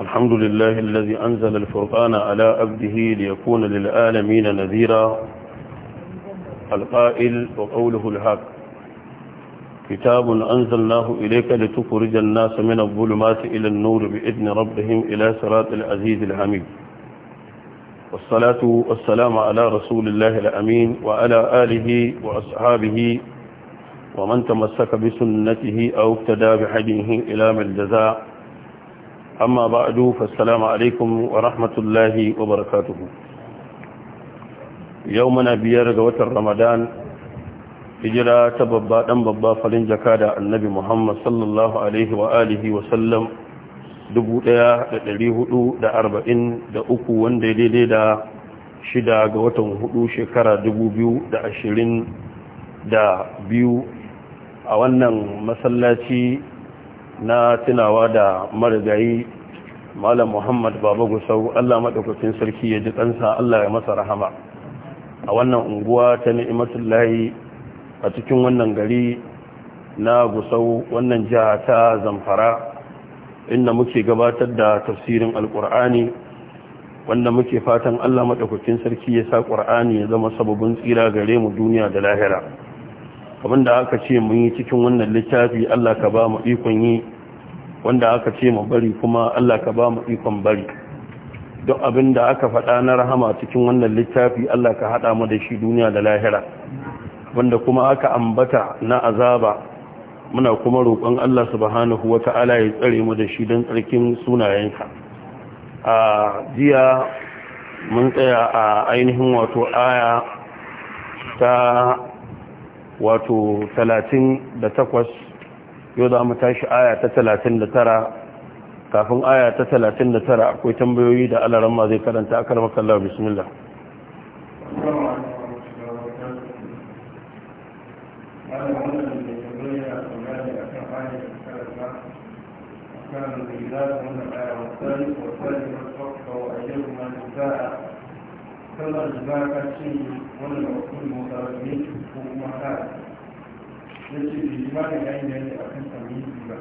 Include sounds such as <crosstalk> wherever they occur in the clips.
الحمد لله الذي أنزل الفرقان على أبده ليكون للعالمين نذيرا القائل وقوله الحق كتاب أنزلناه إليك لتخرج الناس من الظلمات إلى النور بإذن ربهم إلى صراط العزيز الحميد والصلاة والسلام على رسول الله الأمين وعلى آله وأصحابه ومن تمسك بسنته أو اقتدى بحديه إلى من جزاء amma ba a dufa salamu alaikum wa rahmatullahi wa barakatuhu yau muna biyar ga watan ramadan hijira ta babba dan babba farin jaka da annabi muhammad sallallahu alaihi wa alihi wa sallam 1443 wanda ya daidai da shida ga watan huɗu shekara da da ashirin biyu a wannan masallaci na tunawa da marigayi malam muhammad baba gusau allah maɗaukacin sarki ya ji ɗansa allah ya masa rahama a wannan unguwa ta ni'imatullahi a cikin wannan gari na gusau wannan jiha ta zamfara inda muke gabatar da tafsirin alƙur'ani wanda muke fatan allah maɗaukacin sarki ya sa ƙur'ani ya zama sababin tsira gare mu duniya da lahira da aka ce mun yi cikin wannan littafi Allah ka ba mu ikon yi wanda aka ce mu bari kuma Allah ka ba mu ikon bari duk da aka faɗa na rahama cikin wannan littafi Allah ka haɗa mu da shi duniya da lahira wanda kuma aka ambata na azaba muna kuma roƙon Allah subhanahu wata'ala ya tsare mu da shi don tsarkin sunayenka a jiya mun tsaya a ainihin wato aya ta wato 38 yau za mu tashi aya ta 39 kafin aya ta 39 akwai tambayoyi da alaramma zai karanta akar makallar bismillah كان الإله من الآية والثالث والثالث والصفة وأيهما نساء kalmar da ba ka ce wannan da wakil mota ne ko kuma ka ya ce da yi mana yayin da yake akan tarihi ba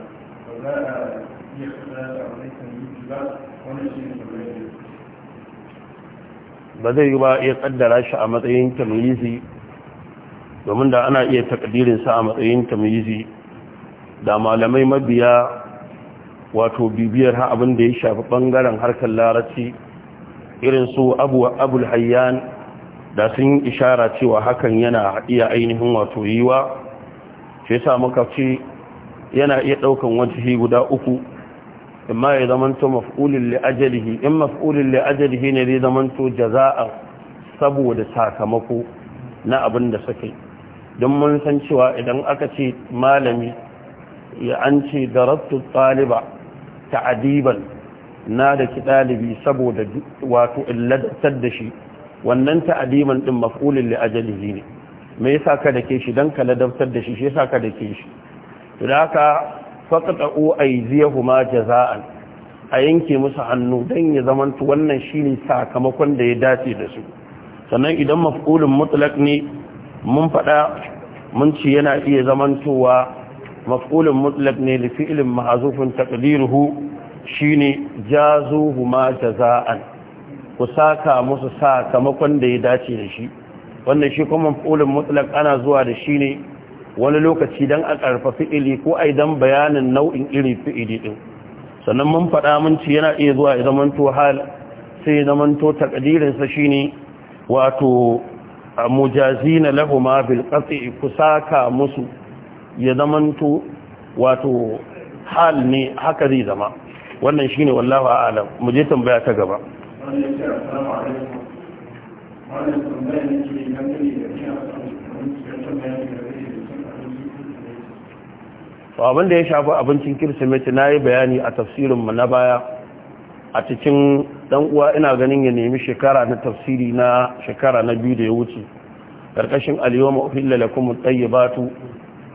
ba za a iya kasa da wani tarihi ba wannan shi ne tarihi ba zai yi ba iya kaddara shi a matsayin tamizi domin da ana iya takadirinsa a matsayin tamizi da malamai mabiya wato bibiyar ha abin da ya shafi bangaren harkar larabci irin su abu abul hayyan da sun yi ishara cewa hakan yana iya ainihin wato yiwa shi yasa muka ce yana iya daukan wajihi guda uku amma ya zamanto maf'ulin li in maf'ulin li ajalihi ne zai zamanto jaza'a saboda sakamako na abin da suke don mun san cewa idan aka ce malami ya an ce darattu taliba ta'adiban na da ki ɗalibi saboda wato illatar da shi wannan ta'adiman ɗin maf'ulin li ne me yasa ka da ke shi dan ka ladabtar da shi shi yasa ka da ke shi to da haka faqta'u aydiyahuma jaza'an a yanke musu hannu dan ya zamanto wannan shine sakamakon da ya dace da su sannan idan maf'ulun mutlaq ne mun faɗa mun ci yana iya zamantowa maf'ulin mutlaq ne li fi'lin ma'zufun taqdiruhu shine jazuhuma jaza'an ku saka musu sakamakon da ya dace da shi wannan shi kuma mafulin mutlak ana zuwa da shi ne wani lokaci don a karfa fi'ili ko a idan bayanin nau'in iri fi'ili ɗin sannan mun faɗa mun ci yana iya zuwa ya zamanto hal sai ya to takdirin shi ne wato mujazina lahuma bil ku saka musu ya to wato hal ne haka zai zama wannan shine wallahu a'lam mu je tambaya ta gaba abin da ya shafi abincin kirsimeti na yi bayani a tafsirin mu na baya a cikin dan uwa ina ganin ya nemi shekara na tafsiri na shekara na biyu da ya wuce karkashin aliyoma uhilla tayyibatu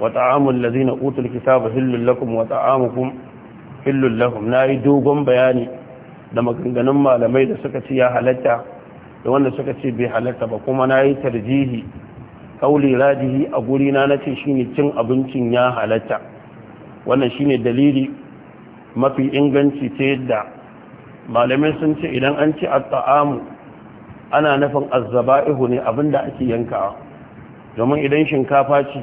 wa ta'amul ladzina utul kitaba hillul lakum wa ta'amukum hillul lahum na yi dogon bayani da maganganun malamai da suka ce ya halatta da wanda suka ce bai halatta ba kuma na yi tarjihi kauli radihi a guri na ce shine cin abincin ya halatta wannan shine dalili mafi inganci ta yadda malamai sun ce idan an ci atamu taamu ana nufin azzaba'ihu ne abinda ake yankawa domin idan shinkafa ce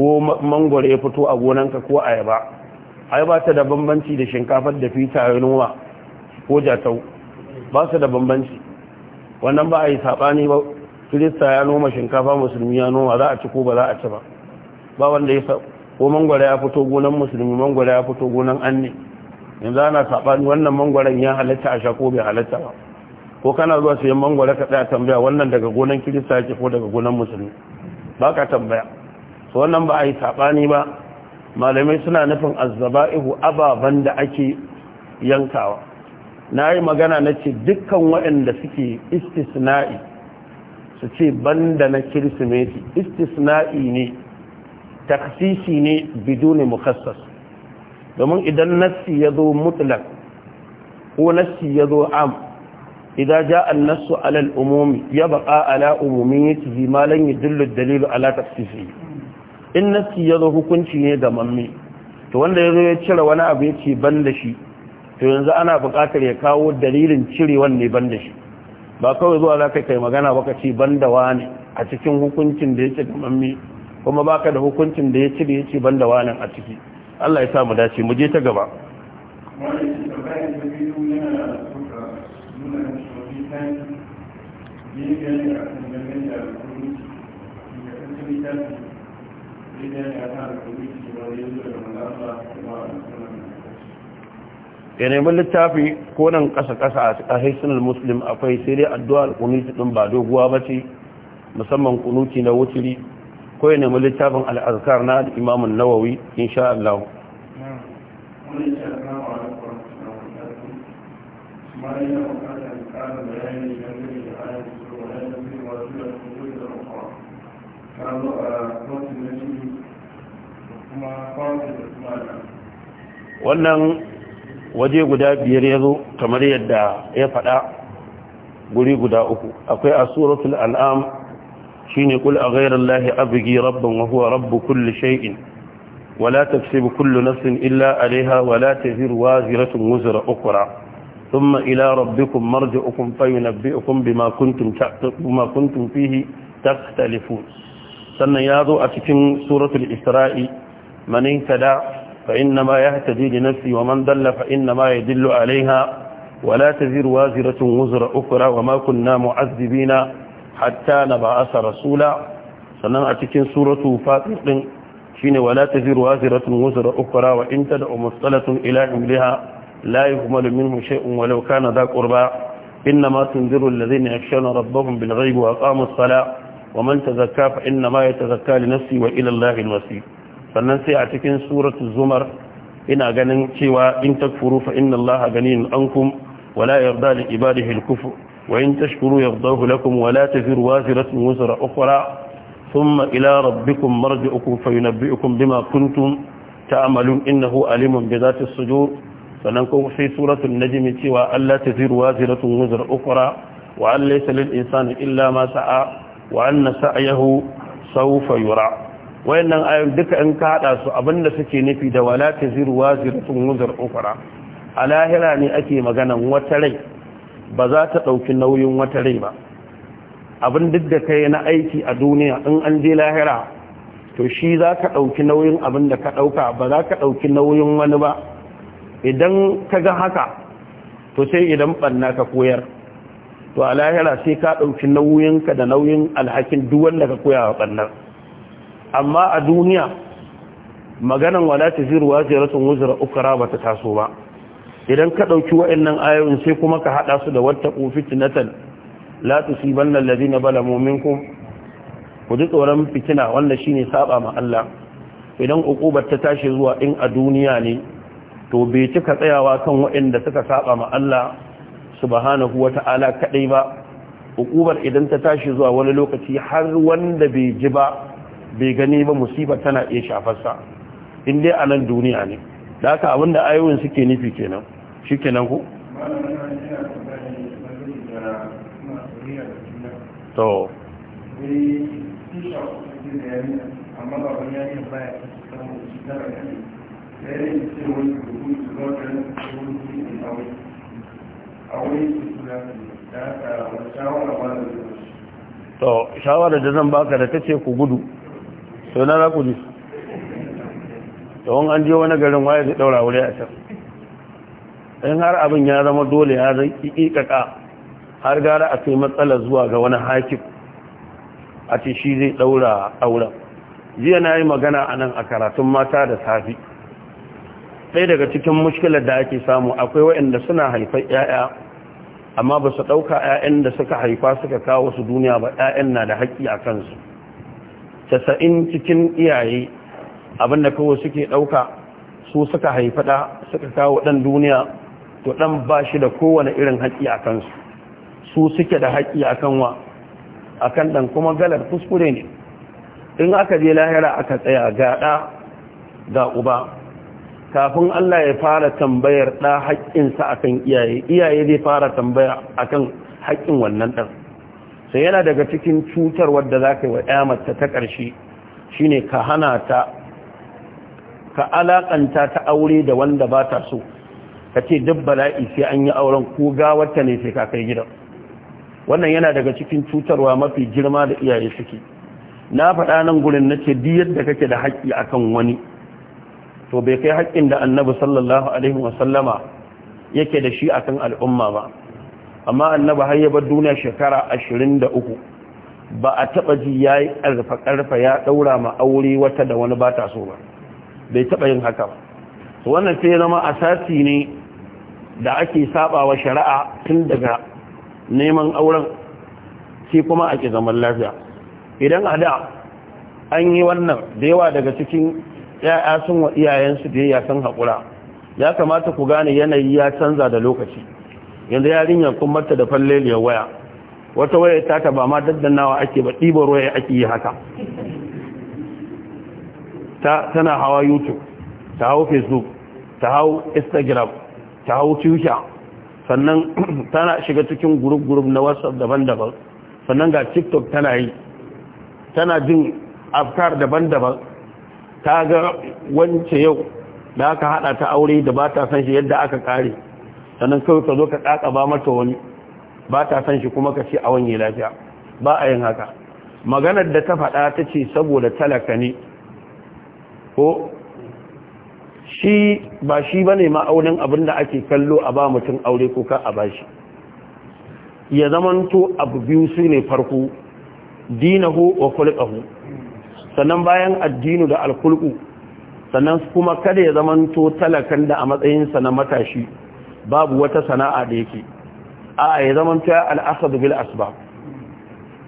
ko mangwaro ya fito a gonanka ko ayaba ai ba ta da bambanci da shinkafar da fita yunwa ko jatau ba su da bambanci wannan ba a yi saɓani ba kirista ya noma shinkafa musulmi ya noma za a ci ko ba za a ci ba ba wanda ya ko mangwara ya fito gonan musulmi mangwara ya fito gonan anne yanzu ana saɓani wannan mangwaran ya halatta a sha ko bai halatta ba ko kana zuwa yin mangwara ka tsaya tambaya wannan daga gonan kirista yake ko daga gonan musulmi ba ka tambaya so wannan ba a yi saɓani ba malamai suna nufin azzaba'ihu ababen da ake yankawa na yi magana na ce dukkan waɗanda suke istisna'i su ce banda na kirsimeti istisna'i ne taksisi ne biduni mukassas domin idan nassi ya zo mutlak ko nassi ya zo am idan ja an nassu alal umumi ya baƙa ala umumin ya ci ma lan yi dillu dalilu ala takasisi in nassi ya zo hukunci ne ga mamme to wanda ya zo ya cire wani abu ya ce ban da shi to yanzu ana buƙatar ya kawo dalilin cire wanne ban da shi ba kawai zuwa za ka kai magana ba ka ce ban da wani a cikin hukuncin da ya ce ga mamme kuma baka da hukuncin da ya cire ya ce ban da wani a ciki Allah ya sa mu dace mu je ta gaba Thank you. ya nemi littafi ko nan ƙasa-ƙasa a haisunan muslim akwai sai dai addu'a al'unuti ɗin ba doguwa ba ce musamman kunuti na wuturi ko ya nemi littafin al'azkar na imamun nawawi sha Allah wannan waje guda biyar ya zo kamar yadda ya faɗa guri guda uku akwai a suratul al'am shi ne kul a gairar lahi abigi rabban wahuwa rabbu kulli shai'in wala tafsibu kullu nafsin illa alaiha wala zirwa ziratun wuzura ukura ثم إلى ربكم مرجعكم فينبئكم بما كنتم بما كنتم فيه تختلفون سنة ياضو cikin سورة الإسرائيل من اهتدى فإنما يهتدي لنفسه ومن ضل فإنما يدل عليها ولا تزر وازرة وزر أخرى وما كنا معذبين حتى نبعث رسولا sannan a cikin suratu fatir din shine wala taziru waziratun wuzra ukra wa in tad'u mustalatun ila imliha la yuhmalu minhu shay'un walau kana dha qurba inma tunziru alladhina yakhshawna rabbahum bil ghaibi wa aqamu as-salata wa man sannan sai a cikin suratu zumar ina ganin cewa in takfuru fa inna allaha ganiyun ankum wala yarda li ibadihi al-kufr wa in tashkuru yardahu lakum wala taziru waziratun wuzra ukhra ثم إلى ربكم مرجعكم فينبئكم بما كنتم تعملون إنه عليم بذات الصدور فننكم في سورة النجم سوى ألا تزير وازرة وزر أخرى وأن ليس للإنسان إلا ما سعى وأن سعيه سوف yura. wayannan ayoyin duka in ka hada su abinda suke nufi da wala taziru waziratun wuzur ukra a lahira ne ake maganan wata rai ba za ta dauki nauyin wata rai ba abin duk da kai na aiki a duniya in an je lahira to shi za ka dauki nauyin abin da ka dauka ba za ka dauki nauyin wani ba idan ka ga haka to sai idan banna ka koyar to a lahira sai ka dauki nauyinka da nauyin alhakin duk wanda ka koya bannar amma a duniya maganan wala taziru waziratun wuzra ukra bata taso ba idan ka ɗauki wayannan ayoyin sai kuma ka haɗa su da wata fitnatan la tusibanna alladhina balamu minkum ku ji tsoron fitina wanda shine saba ma Allah idan ukubar ta tashi zuwa in a duniya ne to bai cika tsayawa kan wayanda suka saba ma Allah subhanahu wata'ala kadai ba ukubar idan ta tashi zuwa wani lokaci har wanda bai ji ba bai gani ba musibar tana iya shafarsa in dai a nan duniya ne da aka abin da ayoyin suke nufi kenan shi kenan ku to to shawarar da zan baka da ta ce ku gudu to na za ku ji wani an jiwa wani garin waye zai daura wuri a can in har abin ya zama dole ya zai ƙiƙaƙa har gara a kai matsala zuwa ga wani hakim a ce shi zai daura auren jiya na yi magana a nan a karatun mata da safi ɗaya daga cikin mushkilar da ake samu akwai waɗanda suna haifar 'ya'ya amma ba su ɗauka 'ya'yan da suka haifa suka kawo su duniya ba 'ya'yan na da haƙƙi a kansu casa'in cikin iyaye abinda kawai suke ɗauka su suka haifi ɗa suka kawo ɗan duniya to ɗan ba shi da kowane irin haƙi a kansu su suke da haƙi a kan a kan ɗan kuma galar kuskure ne in aka je lahira aka tsaya ga ɗa ga uba kafin Allah ya fara tambayar ɗa haƙƙinsa kan iyaye iyaye zai fara tambaya a kan haƙƙin wannan ɗan sai yana daga cikin cutar wadda za ka yi wa ƴamata ta ƙarshe shi ne ka hana ta ka alaƙanta ta aure da wanda ba ta so ka ce duk bala'i sai an yi auren ko gawarta ne sai ka kai gidan wannan yana daga cikin cutarwa mafi girma da iyaye suke na faɗa nan gurin na ce duk yadda kake da haƙƙi akan wani to bai kai haƙƙin da annabi sallallahu alaihi wasallama yake da shi akan al'umma ba amma annaba har ya bar duniya shekara 23 ba a taba ji yayi karfa karfa ya daura ma aure wata da wani ba ta so ba bai taba yin haka ba wannan sai zama asasi ne da ake sabawa shari'a tun daga neman auren sai kuma ake zaman lafiya idan a da an yi wannan da yawa daga cikin ya'ya sun wa iyayensu da ya san haƙura ya kamata ku gane yanayi ya canza da lokaci yanzu yarinyar kun mata da falleliyar waya wata waya ta taba ba ma daddannawa ake ba ɗibar waya ake yi haka ta tana hawa youtube ta hau facebook ta hau instagram ta hau twitter sannan <clears throat> tana shiga cikin gurub-gurub na whatsapp daban-daban sannan ga tiktok tana yi tana jin afkar daban-daban ta ga wance yau da aka hada ta aure da ba ta san shi yadda aka kare sannan kawai ka zo ka ba mata wani ba ta san shi kuma ka ce a wani lafiya ba a yin haka maganar da ta faɗa ta ce saboda talaka ne ko shi ba shi ba ne ma'aunin abin da ake kallo a ba mutum aure ko ka a ba shi ya zamanto abu biyu su ne farko dinahu wa kulqahu sannan bayan addinu da alkulku sannan kuma kada ya zamanto talakan da a matsayinsa na matashi babu wata sana'a da yake a ya zaman ta al'asad bil asbab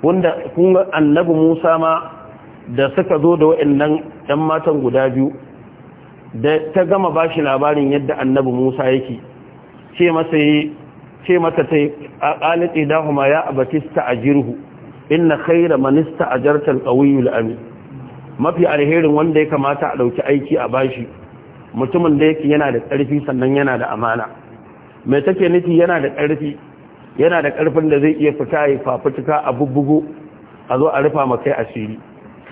wanda kun annabi Musa ma da suka zo da waɗannan 'yan matan guda biyu da ta gama bashi labarin yadda annabi Musa yake ce masa yi ce mata ta aqalati huma ya abatista ajirhu inna khayra man a jartar qawiyyu al-amin mafi alherin wanda ya kamata a ɗauki aiki a bashi mutumin da yake yana da ƙarfi sannan yana da amana mai take nufi yana da ƙarfi yana da ƙarfin da zai iya fita ya fafutuka a bubbugo a zo a rufa makai asiri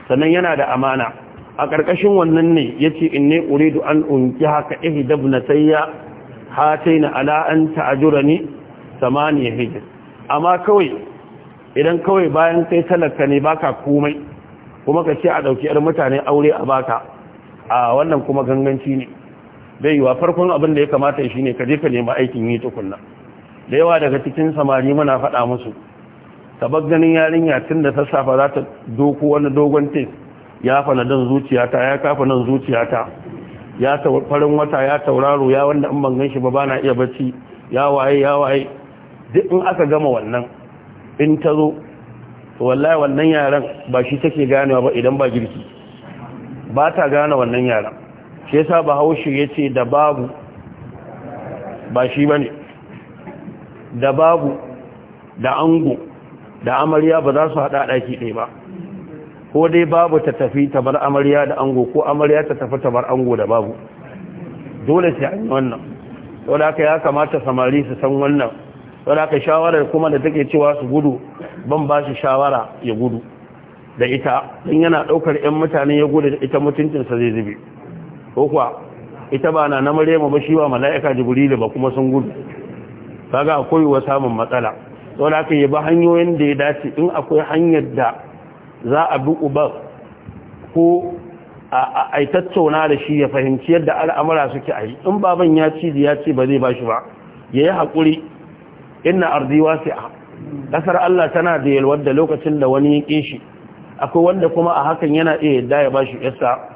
sannan yana da amana a ƙarƙashin wannan ne ya ce in ne uridu an unki haka ihi dabna sayya hatai na ala an ta'ajura ni samaniya hijir amma kawai idan kawai bayan kai talaka ne baka komai kuma ka ce a ɗauki 'yar mutane aure a baka a wannan kuma ganganci ne bai yiwa farkon abin da ya kamata shi ne ka je ka nema aikin yi tukunna da yawa daga cikin samari muna faɗa musu tabar ganin yarinya tun da sassafa za ta doko wani dogon tes ya fana dan zuciyata ya kafa nan zuciyata ya farin wata ya tauraro ya wanda in ban gan shi ba na iya bacci ya waye ya waye duk in aka gama wannan in ta zo wallahi wannan yaran ba shi take ganewa ba idan ba girki ba ta gane wannan yaran shi yasa ya yace da babu ba shi bane da babu da ango da amarya ba za su hada daki ɗaya ba ko dai babu ta tafi ta bar amarya da ango ko amarya ta tafi ta bar ango da babu dole sai an yi wannan dole haka ya kamata samari su san wannan dole haka shawarar kuma da take cewa su gudu ban ba shi shawara ya gudu da ita in yana daukar 'yan mutane ya gudu da ita mutuncinsa zai zube ko kuwa ita ba na maryama ba shi ba mala'ika jibrilu ba kuma sun gudu kaga akwai wa samun matsala sau da yi ba hanyoyin da ya dace in akwai hanyar da za a bi uba ko a tattauna da shi ya fahimci yadda al'amura suke a yi in baban ya ci ya ce ba zai ba shi ba ya yi haƙuri inna arziwa sai a ƙasar Allah tana da yalwar da lokacin da wani ya ƙin shi akwai wanda kuma a hakan yana iya yadda ya ba shi yasa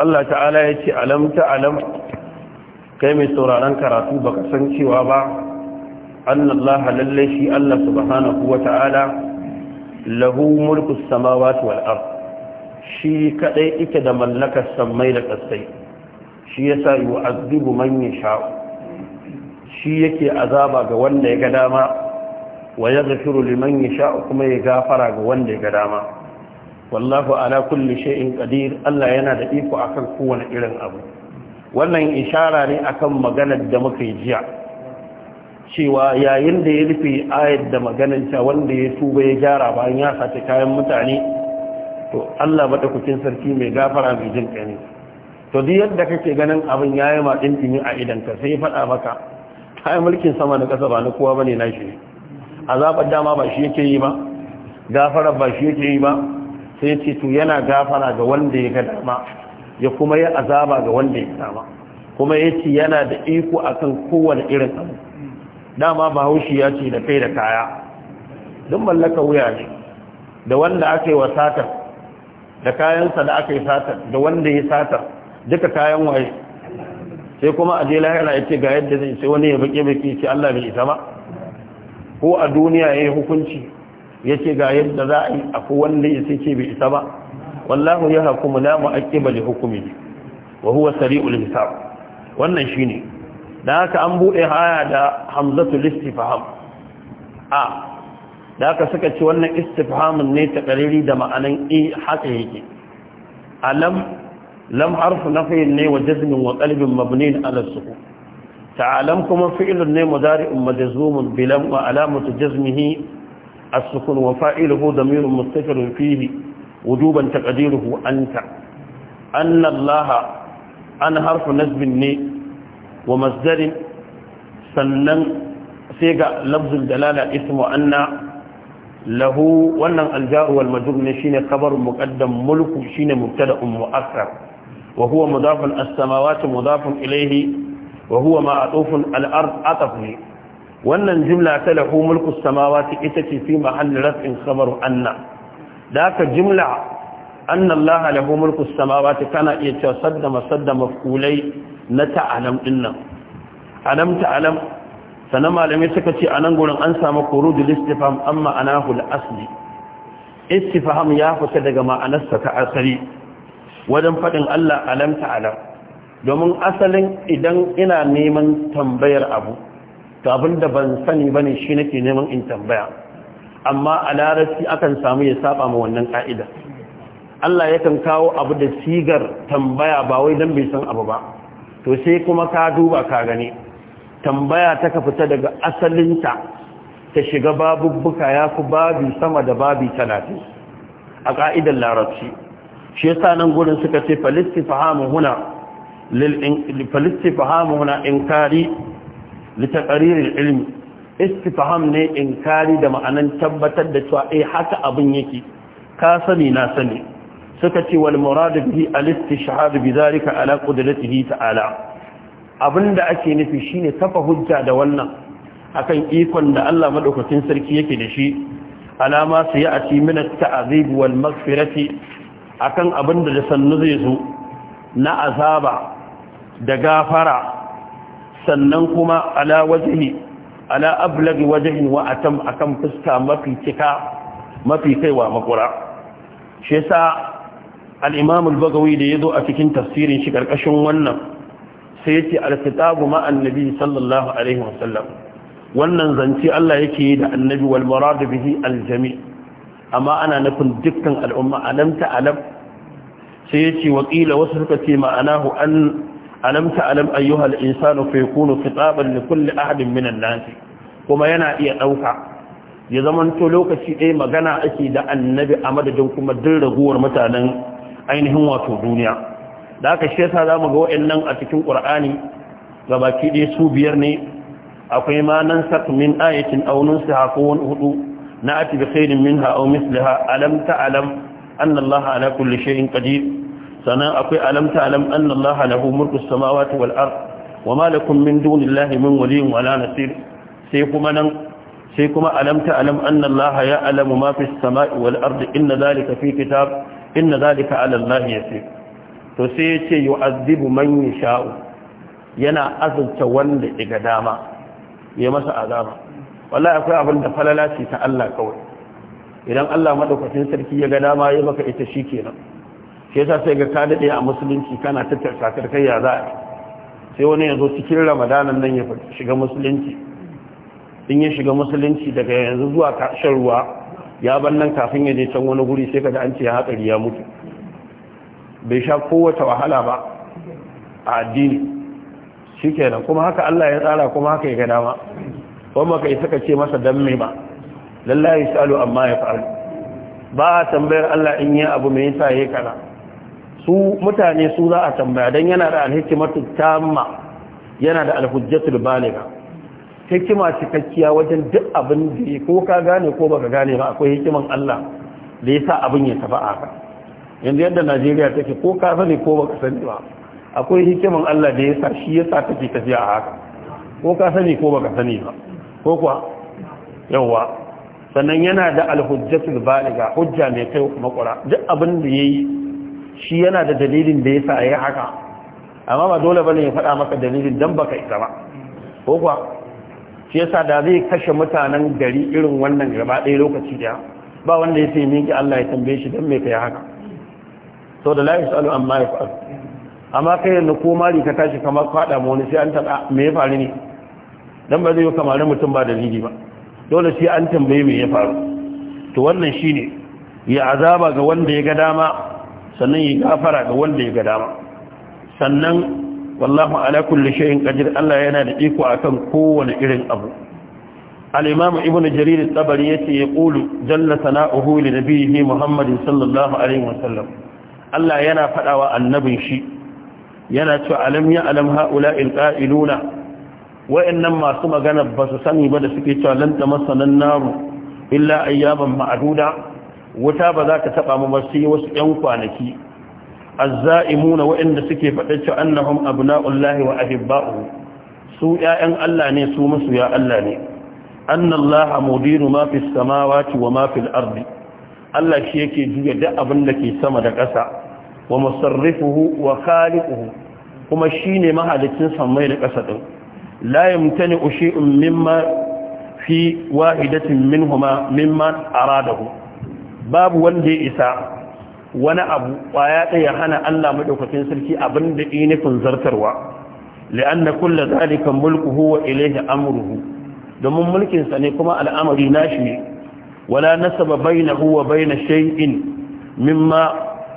Allah ta'ala ya ce alam ta'alam kai mai sauraron karatu baka san cewa ba annallah lalle shi Allah subhanahu wa ta'ala lahu mulku samawati wal ard shi kadai yake da mallakar samai da kasai shi yasa yu'azzibu man yasha shi yake azaba ga wanda ya ga dama wa yaghfiru liman yasha kuma ya gafara ga wanda ya ga dama wallahu ala kulli shay'in qadir Allah yana da iko akan kowane irin abu wannan ishara ne akan maganar da muka yi jiya cewa yayin da ya rufe ayat da ta wanda ya tuba ya gyara bayan ya sace kayan mutane to Allah madaukakin sarki mai gafara mai jin kane to duk yadda kake ganin abin yayi ma dintini a idan ka sai faɗa maka kayan mulkin sama da ƙasa ba na kowa bane nashi azabar dama ba shi yake yi ba gafara ba shi yake yi ba sai ce to yana gafara ga wanda ya ga dama ya kuma ya azaba ga wanda ya dama kuma ya ce yana da iko a kan kowane irin abu dama haushi ya ce da kai da kaya don mallaka wuya ne da wanda aka yi wa satar da kayansa da aka yi satar da wanda ya satar duka kayan waye sai kuma a je lahira ya ce ga yadda zai sai wani ya baƙe baƙe ce Allah bai isa ba ko a duniya ya yi hukunci ya ce ga yadda za a yi akwai wanda ya sai ce bai isa ba wallahu ya hakumu la mu'aqqiba li hukmihi wa huwa sari'ul hisab wannan ne. da haka an bude haya da hamzatul istifham a da haka suka ci wannan istifahamun ne ta kariri da ma'anin i e, haka yake alam lam harfu na nafiyin ne wa jazmin wa qalbin mabnin ala sukun ta'alam kuma fi'lun ne mu mudari'un majzumun bilam wa alamatu jazmihi السكون وفائله ضمير مستتر فيه وجوبا تقديره أنت أن الله أن حرف نسب ني ومصدر سنن سيغا لفظ الدلالة اسم أن له وأن الجار والمجرور شين خبر مقدم ملك شين مبتدأ مؤخر وهو مضاف السماوات مضاف إليه وهو معطوف الأرض عطف wannan jumla ta lahu mulku samawati ita ce fi mahalli raf'in khabaru anna da aka jimla anna allaha lahu mulku samawati kana iya cewa sadda masadda mafkulai na ta'alam dinnan alam ta'alam sannan malamai suka ce anan gurin an samu kurudul istifham amma ana al-asli istifham ya fita daga ma'anarsa ta asali wajen faɗin Allah alam ta'alam domin asalin idan ina neman tambayar abu to abinda ban sani bane shi nake neman in tambaya amma a larabci akan samu ya saba ma wannan ka'ida Allah yakan kawo abu da sigar tambaya ba wai dan bai san abu ba to sai kuma ka duba ka gane tambaya ta ka fita daga asalin ta ta shiga babubbuka ya fi babi sama da babi talatin a ka'idar larabci shi yasa nan gurin suka ce falistifahamu huna lil falistifahamu huna inkari litaqariril ilmi istifham ne inkari da ma'anan tabbatar da cewa eh haka abin yake ka sani na sani suka ce wal murad bihi al-istishhad bi zalika ala qudratihi ta'ala abinda ake nufi shine kafa hujja da wannan akan ikon da Allah madaukakin sarki yake da shi alama su ya ati min at-ta'zib wal maghfirati akan abinda da sannu zai zo na azaba da gafara sannan kuma ala wajhi ala ablaghi wajhin wa atam akan fuska mafi cika mafi kaiwa makura shi yasa al-imam al-bagawi da yazo a cikin tafsirin shi karkashin wannan sai yace al-kitabu ma annabi sallallahu alaihi wasallam wannan zance Allah yake yi da annabi wal murad bihi al-jami' amma ana nufin dukkan al'umma alam ta alam sai yace waqila wasu suka ce ma'anahu an alam ta'lam ayyuha al-insanu fa yakunu khitaban li kulli ahadin minan nas kuma yana iya dauka ya zaman to lokaci ɗaya magana ake da annabi a madadin kuma duk raguwar mutanen ainihin wato duniya da aka shi yasa zamu ga wayannan a cikin qur'ani gabaki ɗaya su biyar ne akwai ma nan sak min ayatin aw nunsiha ko wani hudu na ati bi khairin minha aw misliha alam ta'lam anna allaha ala kulli shay'in qadir sannan akwai alamta alam ta'lam anna allaha lahu mulku samawati wal ard wama lakum min dunillahi min waliyyin wala nasir sai kuma nan sai kuma alamta alam ta'lam anna allaha ya'lamu ma fis samai wal ard inna dhalika fi kitab inna dhalika 'ala allahi yasir to sai yace yu'adhibu man yasha'u yana azabta wanda iga dama ya masa azaba wallahi akwai abin da falala ce ta Allah kawai idan Allah madaukakin sarki ya ga dama ya maka ita shikenan shi sai ga ka daɗe a musulunci kana ta takar kai ya za sai wani yazo cikin ramadanan nan ya shiga musulunci in ya shiga musulunci daga yanzu zuwa shan ruwa ya ban nan kafin ya je can wani guri sai kada an ce ya hatsari ya mutu bai sha kowace wahala ba a addini shi kenan kuma haka Allah ya tsara kuma haka ya ga dama kuma kai saka ce masa dan me ba lallahi salu amma ya fa'al ba tambayar Allah in yi abu mai yasa yayi kana su mutane su za a tambaya don yana da alhikimatu tamma yana da alhujjatul baliga hikima cikakkiya wajen duk abin da ko ka gane ko baka gane ba akwai hikiman Allah da yasa abin ya tafi aka yanzu yadda Najeriya take ko ka sani ko baka sani ba akwai hikiman Allah da yasa shi yasa take tafiya a haka ko ka sani ko baka sani ba ko kuwa yawa sannan yana da alhujjatul baliga hujja mai kai makwara duk abin da yayi shi yana da dalilin da ya sa a yi haka amma ba dole ba ne ya faɗa maka dalilin dan baka isa ba ko kuwa shi ya sa da zai kashe mutanen gari irin wannan gaba ɗaya lokaci ɗaya ba wanda ya ce miki Allah ya tambaye shi dan me yi haka sau da lafi su'alu amma ya faru amma kai yanzu ko mari ka tashi kamar kwaɗa ma wani sai an taɓa me ya faru ne don ba zai yi kamar mutum ba dalili ba dole sai an tambaye me ya faru to wannan shine ya azaba ga wanda ya ga dama sannan ya gafara ga wanda ya ga dama sannan wallahu ala kulli shay'in qadir Allah yana da iko akan kowane irin abu al-imam ibnu jarir at-tabari yace ya qulu jalla sana'uhu li nabiyhi muhammadin sallallahu alaihi sallam. Allah yana fadawa annabin shi yana cewa alam ya alam ha'ula'il qa'iluna wa'yannan masu magana ba su sani ba da suke cewa lan tamassanan illa ayyaban ma'duda wuta ba za ta taba mu ba sai wasu ƴan kwanaki azza'imuna waɗanda suke faɗa cewa annahum abna'ullahi wa ahibba'u su ƴaƴan Allah ne su musu ya Allah ne annallaha mudiru ma fis samawati wa ma fil ardi Allah shi yake juya duk abin da ke sama da ƙasa wa musarrifuhu wa khaliquhu kuma shine mahalicin samai da ƙasa din la yamtani shay'un mimma fi wahidatin minhuma mimma aradahu babu wanda ya isa wani abu kwaya ɗaya hana Allah maɗaukakin sarki abin da inifin zartarwa li'anna kullu zalika mulku huwa ilayhi amruhu domin mulkin sa ne kuma al'amari nashi ne wala nasaba bainahu wa bain shay'in mimma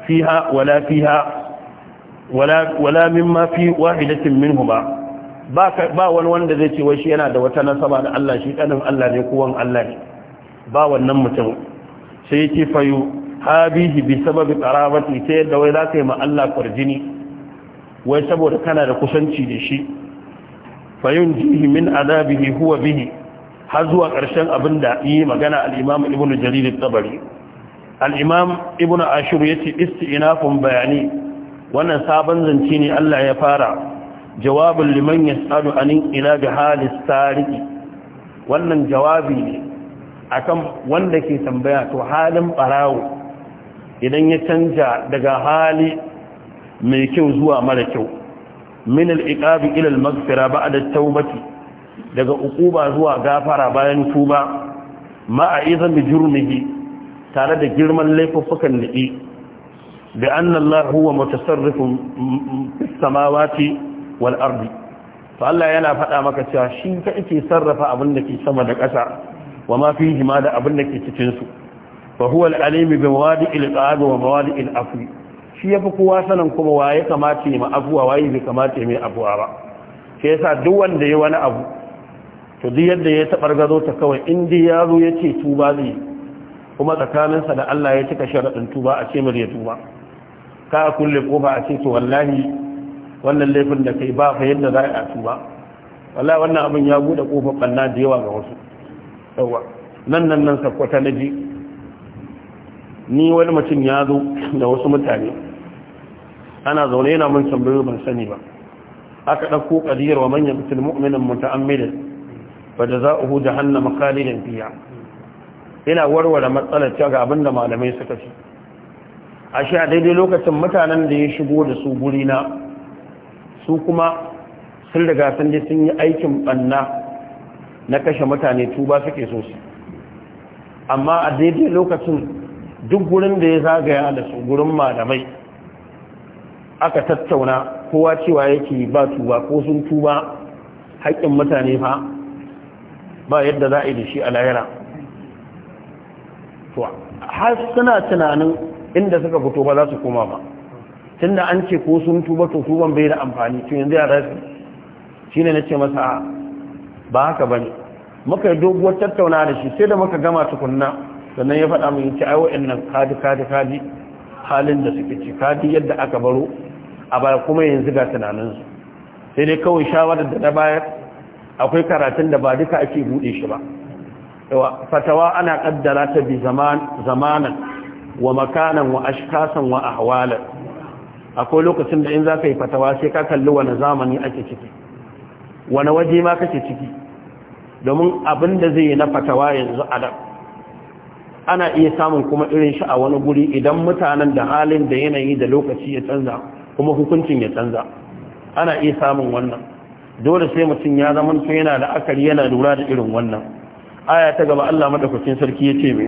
fiha wala fiha wala wala mimma fi wahidatin minhuma ba wani wanda zai ce wai shi yana da wata nasaba da Allah shi kanin Allah ne kuwan Allah ne ba wannan mutum sai ce fayu habihi bi sababi qarabati sai yadda wai zaka yi ma Allah farjini wai saboda kana da kusanci da shi fayun jihi min adabihi huwa bihi har zuwa ƙarshen abin da yi magana al-Imam Ibn Jarir al-Tabari al-Imam Ibn Ashur yace isti'nafun bayani wannan sabon zance ne Allah ya fara jawabin liman yasalu anin ila bi halis tariqi wannan jawabi ne akan wanda ke tambaya to halin barawo idan ya canja daga hali mai kyau zuwa mara kyau min al-iqabi ila al-maghfira ba'da at-taubati daga uquba zuwa gafara bayan tuba ma'a idan bi jurmihi tare da girman laifukan da da annan huwa mutasarrifun samawati wal ardi to Allah yana faɗa maka cewa shi ka yake sarrafa abin da ke sama da ƙasa wa ma fi hima da abin da ke cikinsu fa huwa al'alimi bin wadi ilƙaɗo wa mawadi il'afi shi ya fi kowa sanan kuma waye kamata ya afuwa waye bai kamata ya mai afuwa ba shi yasa duk wanda ya wani abu to duk yadda ya taɓar gazo ta kawai in dai ya zo ya ce tuba zai kuma tsakaninsa da Allah ya cika sharaɗin tuba a ce mai ya tuba ka kulle kofa a ce to wallahi wannan laifin da kai ba fa yadda za a tuba wallahi wannan abin ya buɗe kofar banna da yawa ga wasu yawa nan nan nan sakwata na ji ni wani mutum ya zo da wasu mutane ana zaune yana mun tambayo ban sani ba aka ɗauko ƙadiyar wa manyan mutum mu'minin bada fa da za'uhu jahannama khalidan fiya yana warware matsalar ta ga abinda malamai suka ce a sha daidai lokacin mutanen da ya shigo da su gurina su kuma sun riga sun yi aikin banna na kashe mutane tuba suke so su amma a daidai lokacin duk gurin da ya zagaya da su gurin malamai aka tattauna kowa cewa yake ba tuba ko sun tuba haƙƙin mutane fa ba yadda za a yi da shi a layara har suna tunanin inda suka fito ba za su koma ba tunda an ce ko sun tuba to tuban bai da amfani tun yanzu ya rasu shi ne na ce masa ba haka bane muka yi doguwar tattauna da shi sai da muka gama tukunna sannan ya faɗa min ci ai wa'annan kadi kadi kadi halin da suke ci kadi yadda aka baro a baya kuma yanzu ga tunaninsu sai dai kawai shawarar da na bayar akwai karatun da ba duka ake bude shi ba fatawa ana kaddara ta bi zamanan wa makanan wa ashkasan wa ahwalan akwai lokacin da in za ka yi fatawa sai ka kalli wani zamani ake ciki wani waje ma kake ciki domin abin da zai yi na fatawa yanzu adam ana iya samun kuma irin shi a wani guri idan mutanen da halin da yanayi da lokaci ya canza kuma hukuncin ya canza ana iya samun wannan dole sai mutum ya zama yana da akari yana lura da irin wannan aya ta gaba Allah madaukakin sarki yace mai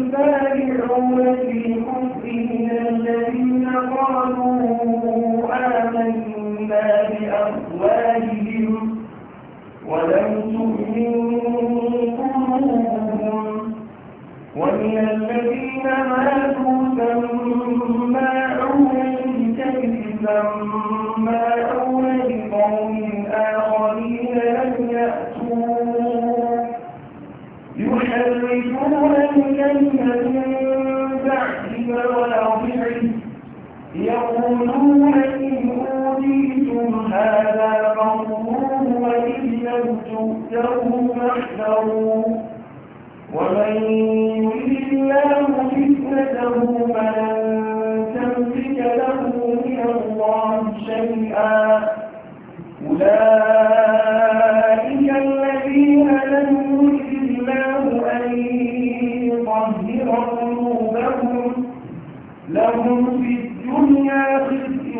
لهم في الدنيا خزي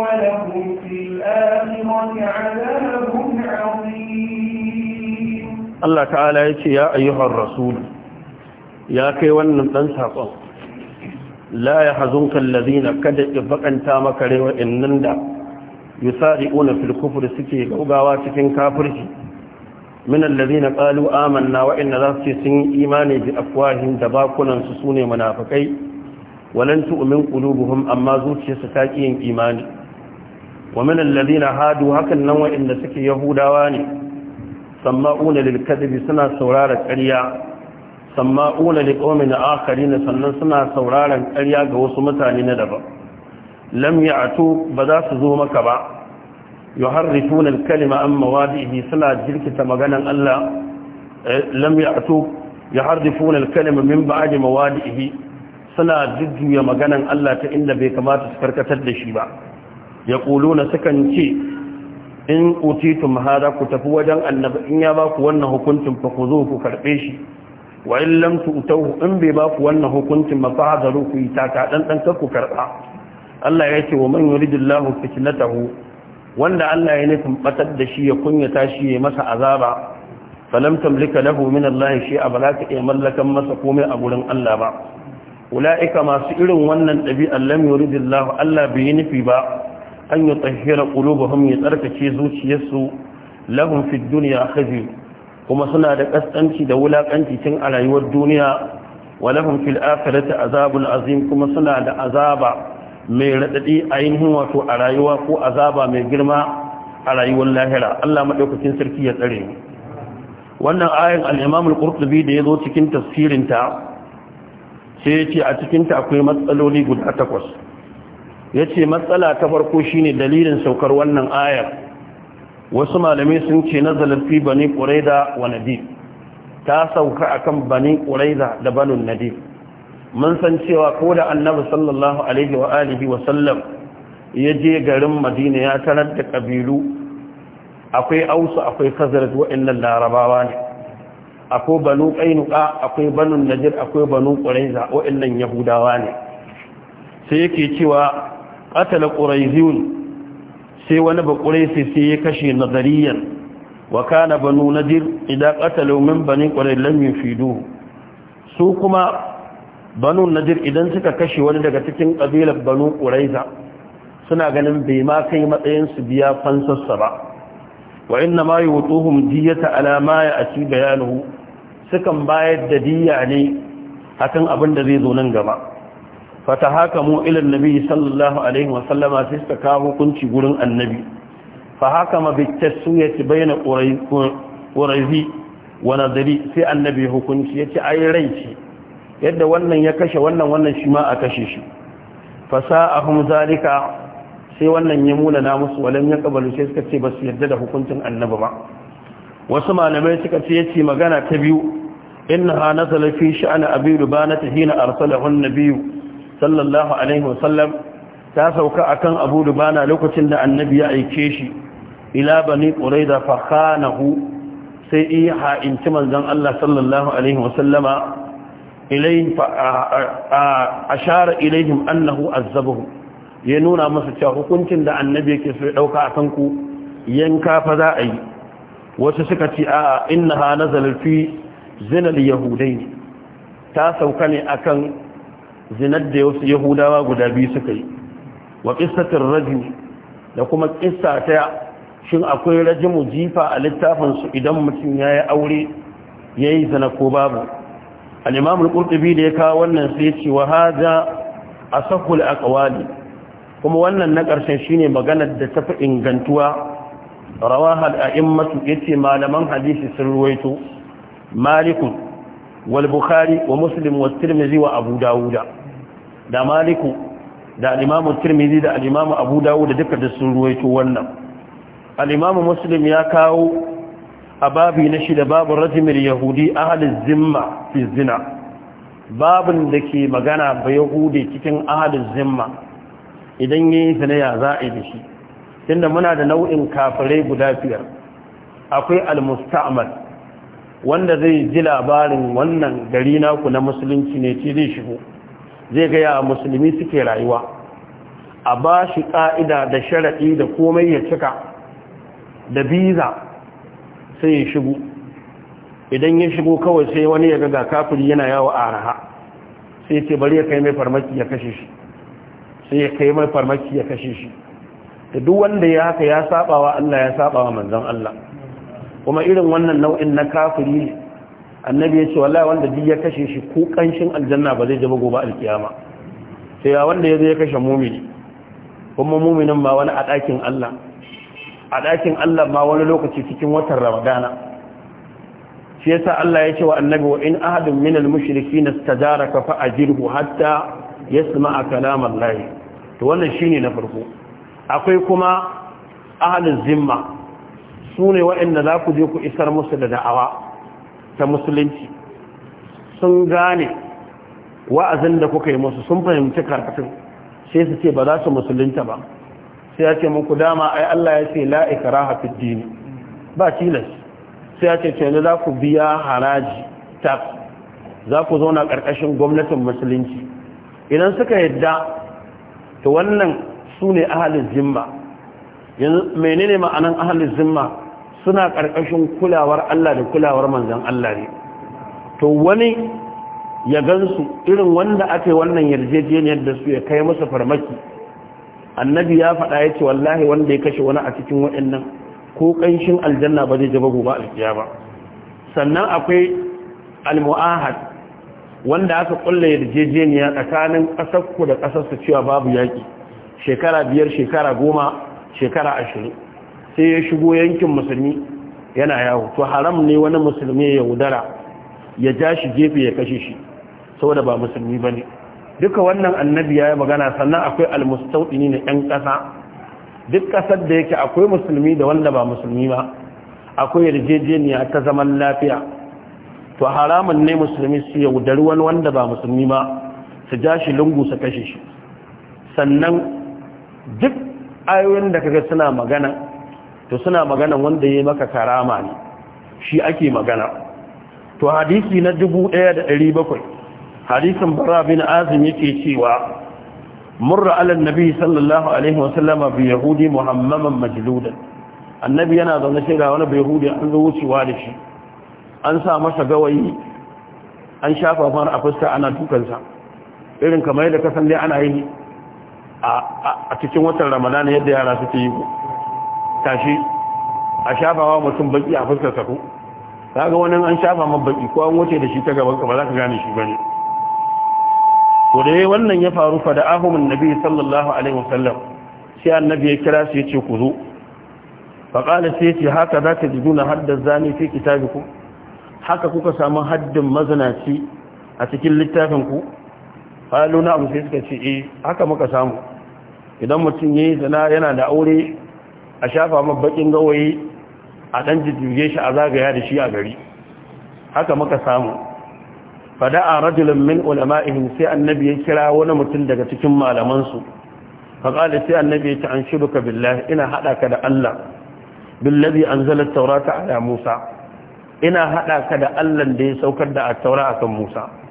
ولهم في الآخرة عذاب عظيم Allah ta’ala ya ce, “Ya ayyuhar Rasulu, ya kai wannan ɗan saƙon, la ya hazun kallazina kada ibbaƙanta makarewa in nan da yi sa’i ƙuna filkufur suke gaugawa cikin kafirji, minan lazina ƙalu amanna wa’in na za su ce sun imani da afuwa da bakunansu sune ne munafukai walan tu'min buhun amma zuciyarsu ta kiyin imani wa min hadu hakan nan wa'inda suke yahudawa ne sama'una lil kadhibi suna saurara ƙarya sama'una li qaumin akharin sannan suna sauraron karya ga wasu mutane na daban lam ya'tu ba za su zo maka ba yuharrifuna al kalima an mawadihi suna jirkita Allah eh, kalima min suna jujjuya maganan Allah ta inda bai kamata su karkatar da shi ba ya na sukan ce in utitum hada ku tafi wajen annabi in ya baku wannan hukuncin fa ku zo ku karbe shi wa in lam tu'tahu in bai baku wannan hukuncin ma fa'adaru ku yi taka dan dan ku karba Allah ya ce wa man yuridillahu fitnatahu wanda Allah ya nufin batar da shi ya kunyata shi ya masa azaba falam tamlika lahu min Allah shay'a balaka ya mallakan masa komai a gurin Allah ba ula'ika masu irin wannan ɗabi'ar lam yuridillahu Allah bai yi nufi ba an yi tsahira qulubuhum ya tsarkace zuciyarsu lahum fid dunya kuma suna da kaskanci da wulakanci tun a rayuwar duniya wa lahum fil akhirati azabun azim kuma suna da azaba mai a ainihin wato a rayuwa ko azaba mai girma a rayuwar lahira Allah maɗaukacin sarki ya tsare wannan ayin alimamul imam da ya zo yazo cikin tasirinta. sai ya ce a cikinta akwai matsaloli guda takwas ya ce matsala ta farko shine dalilin saukar wannan ayar wasu malamai sun ce na zalafi bani ƙuraida wa nadir ta sauka akan bani ƙuraida da banin nadir mun san cewa ko da annabi sallallahu alaihi wa alihi wa sallam ya je garin madina ya tarar da ƙabilu akwai ausu akwai khazraj waɗannan larabawa ne akwai banu ƙainuka akwai banu najir akwai banu ƙuraiza waɗannan yahudawa ne sai yake cewa ƙatala ƙuraiziyun sai wani ba ƙuraisi sai ya kashe nazariyan wa kana banu najir idan ƙatala min bani ƙurai lam yufidu su kuma banu najir idan suka kashe wani daga cikin ƙabilar banu ƙuraiza suna ganin bai ma kai matsayin su biya fansarsa ba wa inna ma yutuhum diyata ala ma ya'ti bayanuhu sukan bayar da diya ne akan abin da zai zo nan gaba fata haka mu ilan nabi sallallahu alaihi wasallama sai suka kawo hukunci gurin annabi fa haka ma bittasu ya ci bayyana ƙurazi wa nazari sai annabi hukunci ya ci ayi rai ce yadda wannan ya kashe wannan wannan shi ma a kashe shi fasa a zalika sai wannan ya muna na musu walam ya kabalu sai suka ce ba su yarda da hukuncin annabi ba wasu malamai suka ce yace magana ta biyu innaha nazala fi sha'an abi arsalahu an sallallahu alaihi wasallam ta sauka akan abu rubana lokacin da annabi ya aike shi ila bani qurayza fa khanahu sai manzon Allah sallallahu alaihi wasallama ilayhi fa ashara ilayhim annahu azzabahu ya nuna masa cewa hukuncin da annabi yake so ya dauka akan ku yanka fa za a yi wasu suka ce a ha na zalafi zinal yahudai ta sauka ne a kan zinar da wasu yahudawa guda biyu suka yi wa qissatir raji da kuma qissa ta shin akwai mu jifa a littafin idan mutum ya yi aure ya yi zana ko babu alimamul imam da ya kawo wannan sai ya ce wa sahul a kawali kuma wannan na ƙarshen shine maganar da tafi ingantuwa rawaha a aimmatu yace malaman hadisi sun ruwaito malik wal bukhari wa muslim wa tirmidhi wa abu dawuda da malik da alimamu imam da alimamu abu dawuda duka da sun ruwaito wannan Alimamu imam muslim ya kawo a babi na shida babu rajimil yahudi ahalin zimma fi zina babin da ke magana ba yahudi cikin ahalin zimma idan yi zina ya za'a da shi tunda muna da nau'in kafirai guda biyar akwai al-musta'mal wanda zai ji labarin wannan gari naku na musulunci ne ce zai shigo zai ga ya musulmi suke rayuwa a ba shi ka'ida da sharaɗi da komai ya cika da biza sai ya shigo idan ya shigo kawai sai wani ya ga kafiri yana yawo a raha sai ce bari ya kai mai farmaki ya kashe shi sai ya kai mai farmaki ya kashe shi da duk wanda ya haka ya saba wa Allah ya saba wa manzon Allah kuma irin wannan nau'in na kafiri annabi ya ce wallahi wanda duk ya kashe shi ko kanshin aljanna ba zai jaba gobe alkiyama sai ya wanda ya zo ya kashe mumini kuma muminin ma wani a ɗakin Allah a ɗakin Allah ma wani lokaci cikin watan Ramadana shi yasa Allah ya ce wa annabi wa in ahadun minal mushrikin istajaraka fa ajirhu hatta yasma'a kalam Allah to wannan shine na farko akwai kuma ahalin zimma su ne waɗanda za ku je ku isar musu da da'awa ta musulunci sun gane wa'azin da kuka yi musu sun fahimci karatun sai su ce ba za su musulunta ba sai ya ce muku dama ai Allah ya ce la'ikara hafi dini ba tilas sai ya ce ce za ku biya haraji tax za ku zauna ƙarƙashin gwamnatin musulunci idan suka yadda to wannan su ne ahalin zimma yanzu menene ma'anan ahalin zimma suna ƙarƙashin kulawar Allah da kulawar manzan Allah ne to wani ya gansu irin wanda aka yi wannan yarjejeniyar da su ya kai masa farmaki annabi ya faɗa ya ce wallahi wanda ya kashe wani a cikin waɗannan ko ƙanshin aljanna ba zai jaba gobe alkiya ba sannan akwai almu'ahad wanda aka ƙulla yarjejeniya tsakanin ƙasarku da ƙasarsu cewa babu yaƙi shekara biyar shekara goma shekara ashirin sai ya shigo yankin musulmi yana yawo to haram ne wani musulmi ya wudara ya ja shi gefe ya kashe shi saboda ba musulmi ba ne duka wannan annabi ya yi magana sannan akwai almustauɗini na 'yan ƙasa duk ƙasar da yake akwai musulmi da wanda ba musulmi ba akwai yarjejeniya ta zaman lafiya to haramun ne musulmi su yaudari wani wanda ba musulmi ba su ja shi lungu su kashe shi sannan duk ayoyin da kaga suna magana to suna magana wanda ya maka karama ne shi ake magana to hadisi na 1700 hadisin bara bin azim yake cewa murra ala nabi sallallahu alaihi wasallama bi yahudi muhammaman majludan annabi yana zaune sai ga wani yahudi an zo wucewa da shi an sa masa gawayi an shafa mar a fuska ana tukansa, irin kamar yadda kasan dai ana yi a cikin watan ramadana yadda yara suke yi tashi a shafawa mutum baki a fuskar sako ga wani an shafa ma baki ko an wuce da shi ta gaban ka ba za ka gane shi bane ko da wannan ya faru fa da ahumun nabi sallallahu alaihi wasallam sai annabi ya kira su yace ku zo fa qala sai yace haka za ka jiduna hadda zani fi ku. haka kuka samu haddin mazanaci a cikin littafin ku halu na amsa suka ce eh haka muka samu idan mutum yayi zina yana da aure a shafa mabakin gawayi a dan jijjuge shi a zagaya da shi a gari haka muka samu fada'a rajulun min ulama'ihim sai annabi ya kira wani mutum daga cikin malaman su faqala sai annabi ya ce an shiruka billahi ina haɗa ka da Allah billazi anzala at-taurata ala Musa ina haɗa ka da Allah da ya saukar da at-taura kan Musa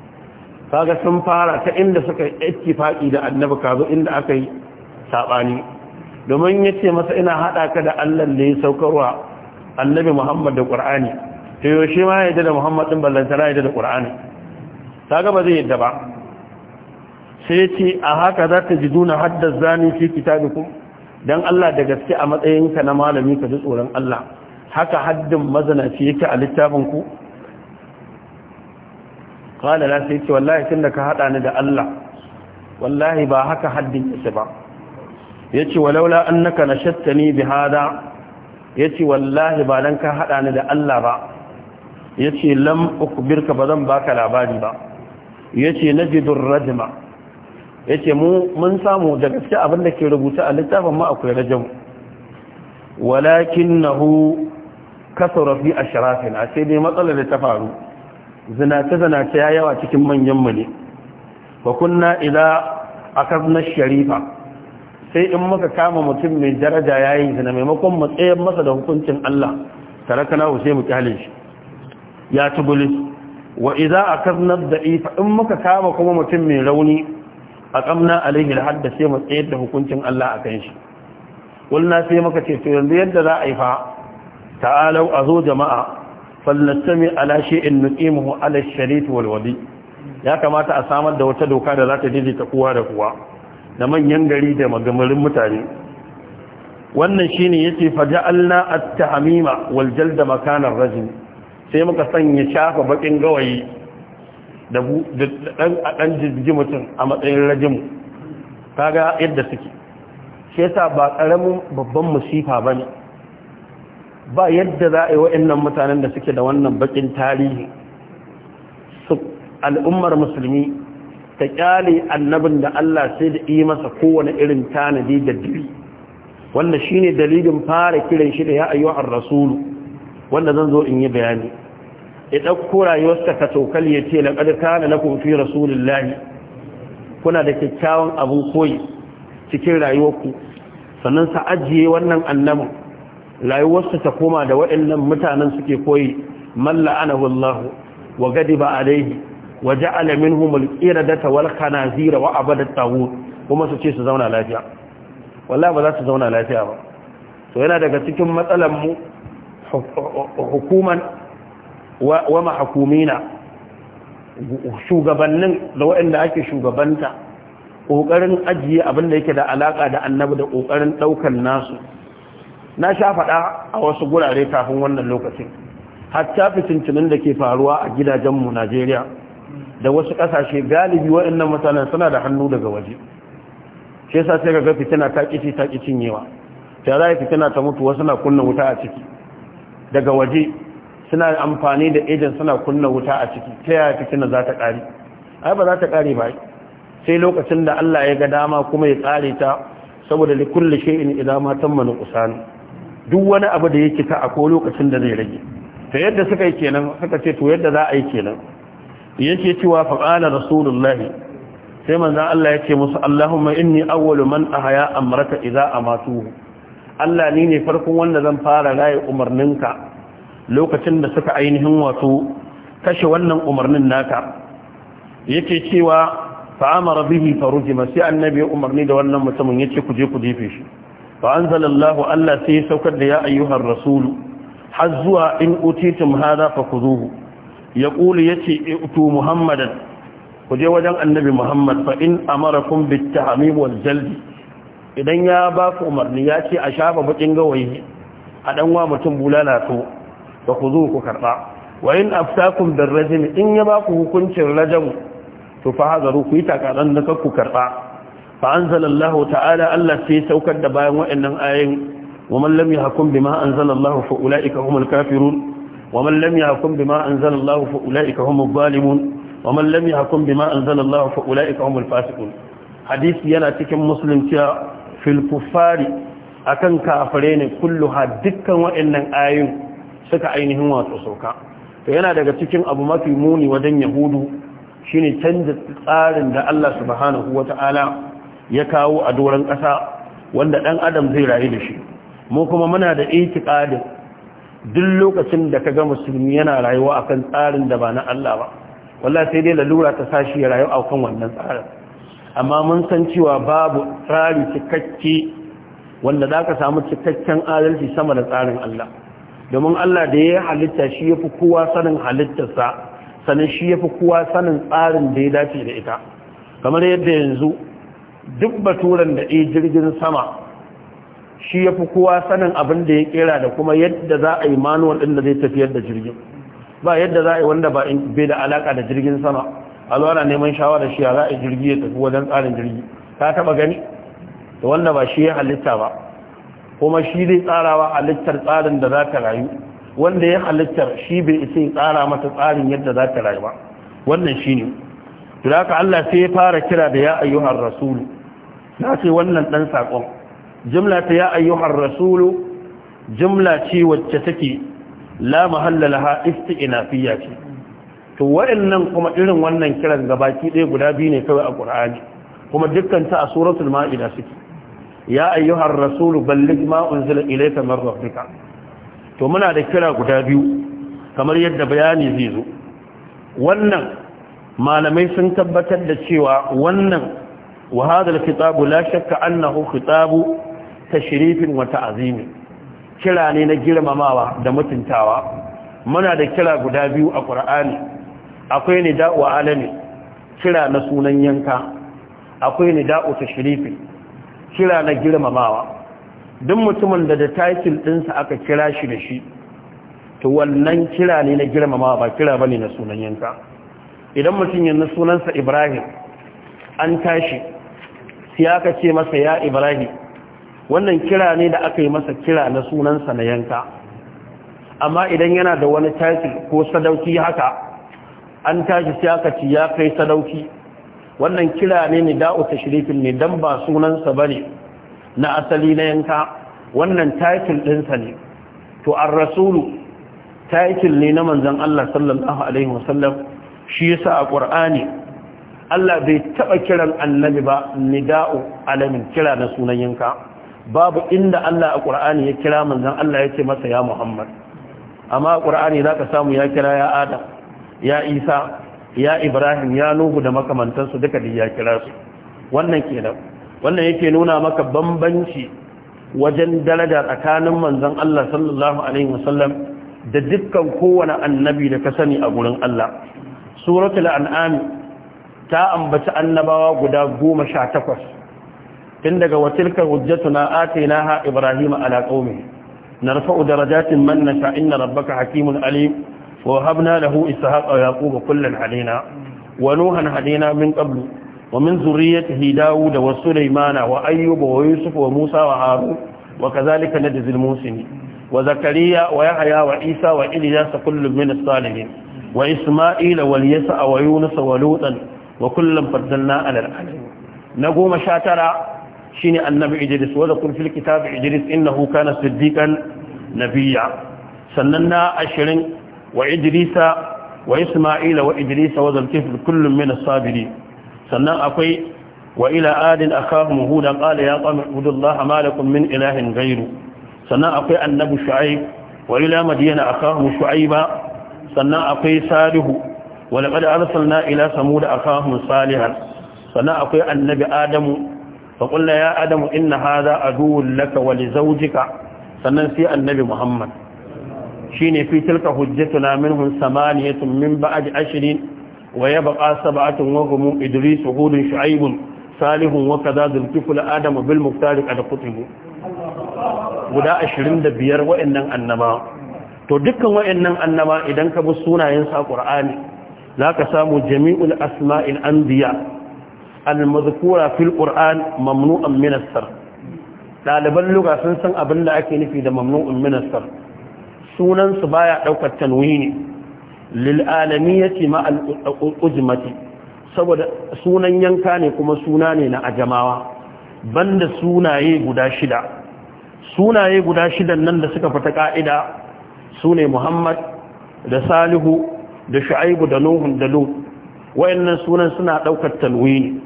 kaga sun fara ta inda suka ittifaki da annabi kazo inda aka yi sabani domin yace masa ina hada ka da Allah da ya saukarwa annabi Muhammad da Qur'ani to yaushe ma ya da Muhammad din ballantana yadda da Qur'ani kaga ba zai yadda ba sai yace a haka za ta duna hadda zani fi kitabikum dan Allah da gaske a matsayinka na malami ka ji tsoron Allah haka haddin mazanaci yake a littafin ku kala na sai ce wallahi tun da ka haɗa ni da Allah wallahi ba haka haddin yake ba ya ce walaula annaka na shattani bi hada ya ce wallahi ba dan ka haɗa ni da Allah ba ya ce lam ukubirka ba zan baka labari ba ya ce na yace rajima ya ce mun samu da gaske abin da ke rubuta a littafin mu akwai rajam walakin nahu hu kasarafi a sharafin a sai dai matsalar da ta faru zinace-zinace ya yawa cikin manyan mu ne wa kunna idza akazna sharifa sai in muka kama mutum mai daraja yayin zina maimakon mu tsayar masa da hukuncin Allah tarakana sai mu kyale shi ya tubulis wa idza akazna da'ifa in muka kama kuma mutum mai rauni aqamna alaihi da sai mu da hukuncin Allah akan shi wallahi sai muka ce to yanzu yadda za a yi fa ta'alau zo jama'a falnastami mai shay'in nuqimuhu ala ash wal wali ya kamata a samar da wata doka da za ta daidaita kowa da kowa da manyan gari da magamarin mutane wannan shine yace faja'alna at-tahmima Hamima, jalda makana ar-rajm sai muka sanya shafa bakin gawayi da ɗan jirgi mutum a matsayin rajimu ga yadda suke shi ba ƙaramin babban musifa ba ne ba yadda za a yi wa'annan mutanen da suke da wannan bakin tarihi su al'ummar musulmi ta kyale annabin da Allah sai da yi masa kowane irin tanadi da diri wanda shine dalilin fara kiran shi da ya a rasulu wanda zan zo in yi bayani ya ɗauko rayuwarsa ka cokali ya ce laƙar kana na fi rasulullahi kuna da kyakkyawan abin koyi cikin rayuwarku sannan sa ajiye wannan annabin rayuwarsu ta koma da waɗannan mutanen suke koyi malla ana wallahu wa gadiba Waje wa ja'ala minhum da qiradata wal zira wa abada tawut kuma su ce su zauna lafiya wallahi ba za su zauna lafiya ba to yana daga cikin matsalar mu hukuman wa mahkumina shugabannin da waɗanda ake shugabanta ƙoƙarin ajiye abin da yake da alaƙa da annabi da ƙoƙarin ɗaukar nasu na sha faɗa a wasu gurare kafin wannan lokacin hatta fitintunin da ke faruwa a gidajenmu najeriya da wasu ƙasashe galibi waɗannan mutanen suna da hannu daga waje shi yasa sai ga fitina ta ƙici ta ƙi cinyewa ta za fitina ta mutu wasu na kunna wuta a ciki daga waje suna amfani da ejen suna kunna wuta a ciki ta yaya fitina za ta ƙare ai ba za ta ƙare ba sai lokacin da Allah ya ga dama kuma ya ƙare ta saboda likulli shay'in idza ma tamma nuqsanu duk wani abu da yake ta akwai lokacin da zai rage ta yadda suka yi kenan suka ce to yadda za a yi kenan yake cewa faqala rasulullahi sai manzo Allah ya ce musu Allahumma inni awwalu man ahya amraka idza amatuhu Allah ni ne farkon wanda zan fara raye umarninka lokacin da suka ainihin wato kashe wannan umarnin naka yake cewa fa amara bihi farujima sai annabi umarni da wannan mutumin yace ku je ku jefe shi fa Allah sai ya saukar da ya ayyuhar rasulu har zuwa in utitum hada fakuzuhu ya yace utu muhammadan ku je wajen annabi muhammad fa in amarakum bittahmim wal jaldi. idan ya ba ku umarni ya ce a shafa bakin gawayi a dan wa mutum bulala to fa kuzuhu ku karba wa in aftakun bin rajm in ya ba ku hukuncin rajamu. to fa hazaru ku yi ku karba فأنزل الله تعالى ألا سيسوك الدبايا وإن آيين ومن لم يحكم بما أنزل الله فأولئك هم الكافرون ومن لم يحكم بما أنزل الله فأولئك هم الظالمون ومن لم يحكم بما أنزل الله فأولئك هم الفاسقون حديث يناتك مسلم في الكفار أكن كافرين كلها دكا وإن آيين سكا عينهم وتسوكا فينا دكتك أبو مكي موني ودن يهود shine canza tsarin da Allah subhanahu wata'ala ya kawo a doron ƙasa wanda ɗan adam zai rayu da shi mu kuma muna da ƙadin duk lokacin da ka ga musulmi yana rayuwa akan tsarin da ba na Allah ba Wala sai dai lalura ta sashi ya rayu akan wannan tsarin amma mun san cewa babu tsari cikakke wanda za ka samu cikakken adalci sama da tsarin Allah domin Allah da ya yi halitta shi ya fi kowa sanin halittarsa sanin shi ya fi kowa sanin tsarin da ya dace da ita kamar yadda yanzu duk baturan da ɗi eh jirgin sama shi ya fi kowa sanin abin da ya kera da kuma yadda za a yi manuwar ɗin da zai tafiyar da jirgin ba yadda za a yi wanda ba in be da alaƙa da jirgin sama a zuwa neman shawarar shi za a yi jirgi ya tafi wajen tsarin jirgi ta taɓa gani da wanda ba shi ya halitta ba kuma shi zai tsarawa halittar tsarin da za ta rayu wanda ya halittar shi bai isa ya tsara mata tsarin yadda za ta rayu ba wannan shi ne. Turaka Allah sai ya fara kira da ya ayyuhar rasulu na ce wannan ɗan saƙon jimla ta ya ayyuhar rasulu jimla ce wacce take la mahallalaha isti'nafiya ce to waɗannan kuma irin wannan kiran gabaki ɗaya guda biyu ne kawai a ƙur'ani kuma dukkan ta a suratul ma'ida suke ya ayyuhar rasulu balligh ma unzila ilayka min rabbika to muna da kira guda biyu kamar yadda bayani zai zo wannan malamai sun tabbatar da cewa wannan wa hada alkitabu la shakka annahu kitabu tashrifin wa ta'zimi kira ne na girmamawa da mutuntawa muna da kira guda biyu a qur'ani akwai nida'u alani kira na sunan yanka akwai nida'u tashrifi kira na girmamawa duk mutumin da da title din aka kira shi da shi to wannan kira ne na girmamawa ba kira bane na sunan yanka idan mutum yana sunan ibrahim an tashi Siyakace ce masa ya ibrahim wannan kira ne da aka yi masa kira na sunansa na yanka amma idan yana da wani tashi ko sadauki haka an tashi sai ya kai sadauki wannan kira ne ni da'u shirifin ne dan ba sunansa ba ne na asali na yanka wannan title ɗinsa ne to an rasulu title ne na manzan Allah sallallahu alaihi wasallam shi yasa a ƙwar'ani Allah bai taba kiran annabi ba nida'u alamin kira na sunan yanka babu inda Allah a Qur'ani ya kira manzon Allah yace masa ya Muhammad amma a Qur'ani zaka samu ya kira ya Adam ya Isa ya Ibrahim ya Nuhu da makamantansu duka da ya kira su wannan kenan wannan yake nuna maka bambanci wajen daraja tsakanin manzon Allah sallallahu alaihi wasallam da dukkan kowane annabi da ka sani a gurin Allah suratul an'am ta ambaci annabawa guda goma sha takwas tun daga watilka na atainaha ibrahim ala qaumi narfa'u darajatin man nasha inna rabbaka hakimun alim wa habna lahu ishaqa wa yaquba kullan hadina wa nuhan hadina min qablu wa min zurriyyatihi dawuda wa sulaymana wa ayyuba wa Yusuf wa musa wa harun wa kadhalika najzil musini wa zakariya wa yahya wa isa wa ilyas kullun min as-salihin wa isma'ila wal yasa wa yunus wa lutan wa kullum faddalna alal alamin na goma sha tara Shi ne annabi idris wa zakun fil kitab idris innahu kana siddiqan Nabiya. sannan na ashirin wa idrisa wa isma'ila wa idrisa wa zulkifl kullum min as-sabiri sannan akwai wa ila adin akahum huda qala ya qawmi ibudullaha ma lakum min ilahin gairu. sannan akwai annabi shu'aib wa ila madyana akahum shu'aiba sannan akwai salihu wala qad arsalna ila samud akahum salihan sana akwai annabi adamu fa ya adamu inna a aduwwun laka wa li sannan sai annabi muhammad shine fi tilka hujjatuna minhum samaniyatun min ba'd ashirin wa yabqa sab'atun wa hum idris hudun shu'aib Salihu, wa kadha adamu bil a da qutibu guda biyar wa'annan annaba to dukkan wa'annan annaba idan ka bi sunayen sa ƙur'ani. Za ka samu jami'ul asma'il anbiya al-madhkura fil mamnu'an ministar. ɗaliban luga daliban lugha sun san abin da ake nufi da mamnu'an ministar. Sunansu ba ya su baya daukar tanwini ya ce ma al saboda sunan yanka ne kuma suna ne na ajamawa banda sunaye guda shida sunaye guda shidan nan da suka fita ka'ida sune Muhammad da Salihu da shu'aibu da nuhun da lut wayannan sunan suna daukar tanwini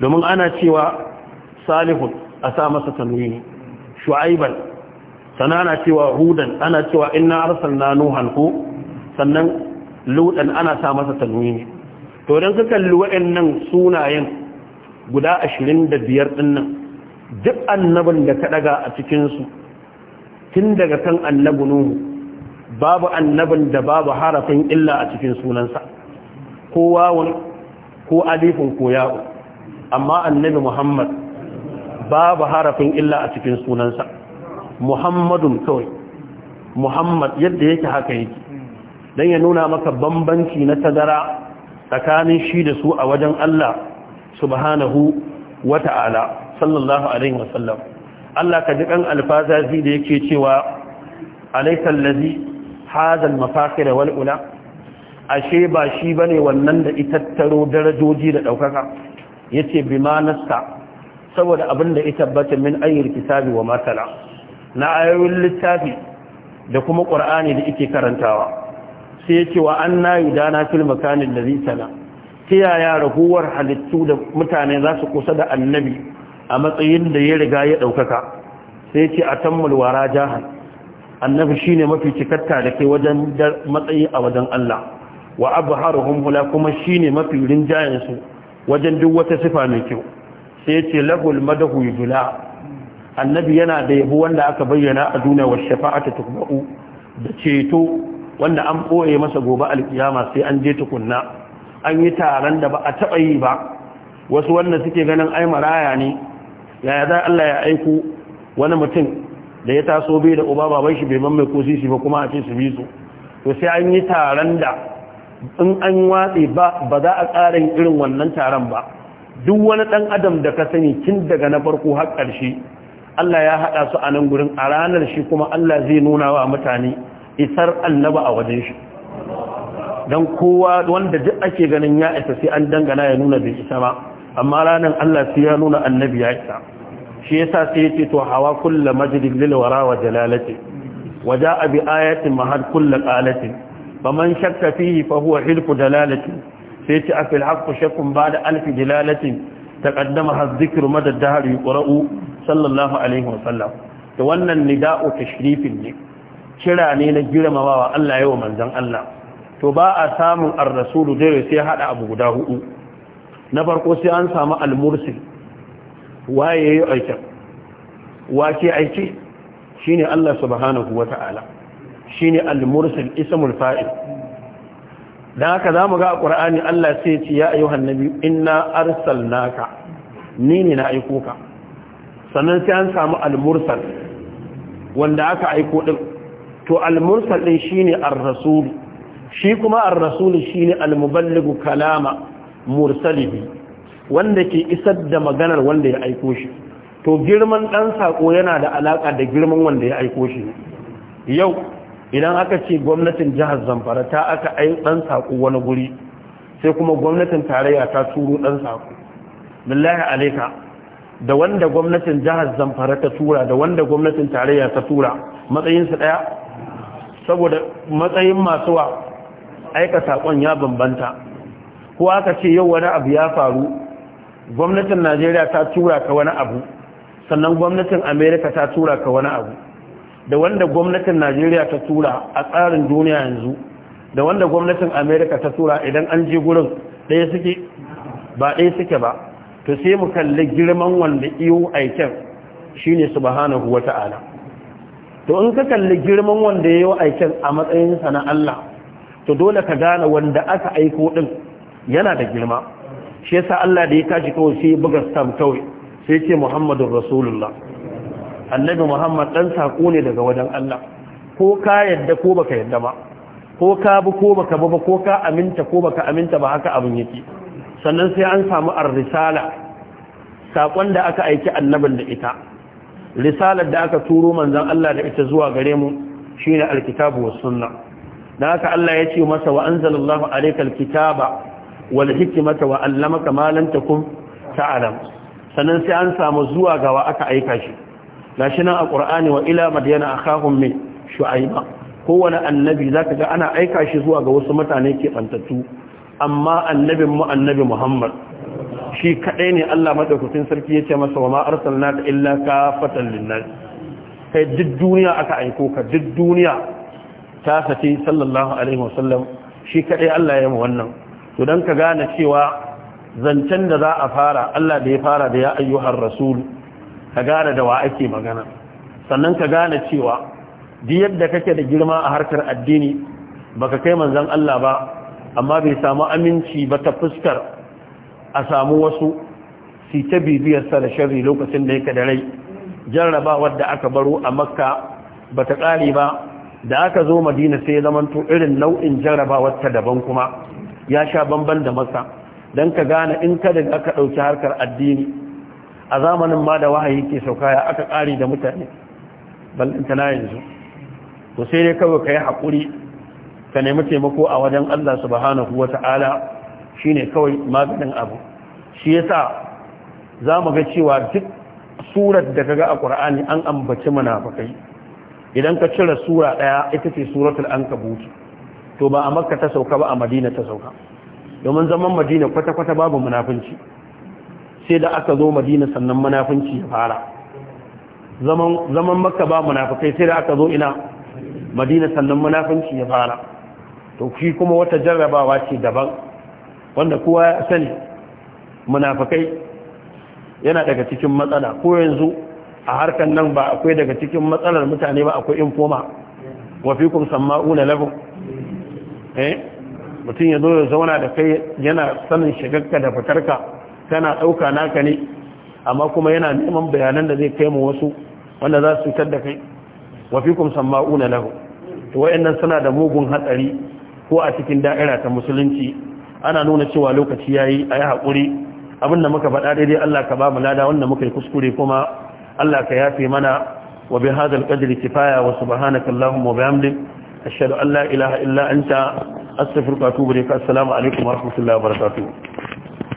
domin ana cewa Salihu a sa masa tanwini shu'aiban sannan ana cewa hudan ana cewa inna arsalna nuhan ko sannan lutan ana sa masa tanwini to dan ka kalli wayannan sunayen guda 25 din nan duk annabin da ka daga a cikin su tun daga kan annabi nuhu babu annabin da babu harafin illa a cikin sunansa ko wawun ko alifin ko yawo amma annabi muhammad babu harafin illa a cikin sunansa muhammadun kawai muhammad yadda yake haka yake don ya nuna maka bambanci na tazara tsakanin shi da su a wajen allah subhanahu wa ta'ala sallallahu alaihi wasallam allah ka ji kan alfazazi da yake cewa alaikan hazal mafakhir wal ula ashe ba shi bane wannan da itattaro darajoji da daukaka yace bima nasta saboda abin da ita tabbata min ayyul kitabi wa matala na ayoyin littafi da kuma qur'ani da yake karantawa sai yace wa anna yudana fil makanin ladhi sana kiyaya rahuwar halittu da mutane za su kusa da annabi a matsayin da ya riga ya daukaka sai yace atammul wara jahan annabi shine mafi cikatta da kai wajen matsayi a wajen Allah wa abharuhum hula kuma shine mafi rinjayen su wajen duk wata sifa mai kyau sai yace lahul madahu yujla annabi yana da yabo wanda aka bayyana a duniya wa shafa'atu tukba'u da ceto wanda an boye masa gobe alkiyama sai an je tukunna an yi taron da ba a taɓa yi ba wasu wanda suke ganin ai maraya ne yaya za Allah ya aiko wani mutum da ya taso bai da uba baban shi bai mamme ko sisi ba kuma a ce su bi su to sai an yi taron da in an watse ba ba za a karin irin wannan taron ba duk wani ɗan adam da ka sani kin daga na farko har karshe Allah ya haɗa su a nan gurin a ranar shi kuma Allah zai nuna wa mutane isar annaba a wajen shi don kowa wanda duk ake ganin ya isa sai an dangana ya nuna bai isa ba amma ranar Allah sai ya nuna annabi ya isa shi yasa sai yace to hawa kullu majdin lil wara wa jalalati waja'a bi ayatin mahad kullu qalatin faman shakka fihi fa huwa hilfu dalalati sai yace afil haqqu shakkun ba'da alf dalalatin taqaddama dhikru madad dahr yuqra'u sallallahu alaihi wa sallam to wannan nida'u tashrifin ne kira ne na girmamawa Allah wa manzon Allah to ba a samun ar-rasulu dai sai hada abu guda hudu na farko sai an samu al waye yi aikin wace aiki ne Allah subhanahu wata'ala shine al-mursil ismul fa'il dan haka zamu ga a Qur'ani Allah sai ce ya ayyuhan nabi inna arsalnaka ni ne na aiko ka sannan sai an samu al-mursal wanda aka aiko ɗin. to al-mursal shi ne ar shi kuma ar shi shine al kalama mursalihi wanda ke isar da maganar wanda ya aiko shi to girman ɗan saƙo yana da alaka da girman wanda ya aiko shi yau idan aka ce gwamnatin jihar zamfara ta aka ai ɗan saƙo wani guri sai kuma gwamnatin tarayya ta turo ɗan saƙo billahi alaika da wanda gwamnatin jihar zamfara ta tura da wanda gwamnatin tarayya ta tura matsayinsu ɗaya saboda matsayin masuwa aika sakon ya bambanta ko aka ce yau wani abu ya faru gwamnatin najeriya ta tura ka wani abu sannan gwamnatin amerika ta tura ka wani abu da wanda gwamnatin najeriya ta tura a tsarin duniya yanzu da wanda gwamnatin amerika ta tura idan an je gurin ɗaya suke ba ɗaya suke ba to sai mu kalli girman wanda iyo aikin shine subhanahu wata'ala to in ka kalli girman wanda ya yi aikin a matsayinsa na allah to dole ka gane wanda aka aiko ɗin yana da girma shi yasa Allah da ya tashi kawai sai ya buga stamp kawai sai ce Muhammadur Rasulullah annabi Muhammad dan sako ne daga wajen Allah ko ka yadda ko baka yadda ba ko ka bi ko baka bi ko ka aminta ko baka aminta ba haka abin yake sannan sai an samu ar-risala sakon da aka aiki annabin da ita risalar da aka turo manzon Allah da ita zuwa gare mu shine alkitabu was sunna dan haka Allah ya ce masa wa anzalallahu alaykal kitaba wal hikimata wa allamaka ma lam takun sannan sai an samu zuwa gawa aka aika shi gashi nan a qur'ani wa ila madyana akhahum min shu'aiba kowane annabi zaka ga ana aika shi zuwa ga wasu mutane ke bantattu amma annabin mu annabi muhammad shi kadai ne Allah madaukakin sarki yace masa wa ma arsalnaka illa kafatan linnas kai duk duniya aka aiko ka duk duniya ta sace sallallahu alaihi wasallam shi kadai Allah ya yi wannan to don ka gane cewa zancen da za a fara Allah da ya fara da ya ayyuhar rasul ka gane da wa ake magana sannan ka gane cewa di yadda kake da girma a harkar addini baka kai manzon Allah ba amma bai samu aminci ba ta fuskar a samu wasu si ta bibiyarsa da sharri lokacin da ya ka da rai jarrabawar da aka baro a makka ba ta ƙare ba da aka zo madina sai zamanto irin nau'in jarrabawar ta daban kuma ya sha banban da masa don ka gane in ka daga aka ɗauki harkar addini a zamanin ma da wahayi ke sauka ya aka ƙari da mutane ballanta na yanzu to sai dai kawai ka yi haƙuri ka nemi taimako a wajen allah subhanahu wa ta'ala shi ne kawai maganin abu shi ya sa za mu ga cewa duk surar da ka ga a ƙur'ani an ambaci munafakai idan ka cire sura ɗaya ita ce suratul ankabuti to ba a makka ta sauka ba a madina ta sauka domin zaman madina kwata-kwata babu munafunci sai da aka zo madina sannan munafunci ya fara zaman makka ba munafukai sai da aka zo ina madina sannan munafunci ya fara to shi kuma wata jarrabawa ce daban wanda kowa ya sani munafukai yana daga cikin matsala ko yanzu a harkar nan ba akwai daga cikin matsalar mutane ba akwai infoma wa fikum sama'una lahum Eh? mutum ya zo ya zauna da kai yana sanin shigarka da fitarka kana ɗauka naka ne amma kuma yana neman bayanan da zai kai mu wasu wanda za su fitar da kai wa fikum sama'una lahu to wayannan suna da mugun hatsari ko a cikin da'ira ta musulunci ana nuna cewa lokaci ya yi yayi ayi hakuri abinda muka faɗa daidai Allah ka ba mu lada wanda muka yi kuskure kuma Allah ka yafe mana wa bi hadal qadri kifaya wa subhanaka allahumma wa bihamdika ashhadu allah la ilaha illa anta astaghfiruka wa atubu ilaik assalamu alaikum wa rahmatullahi wa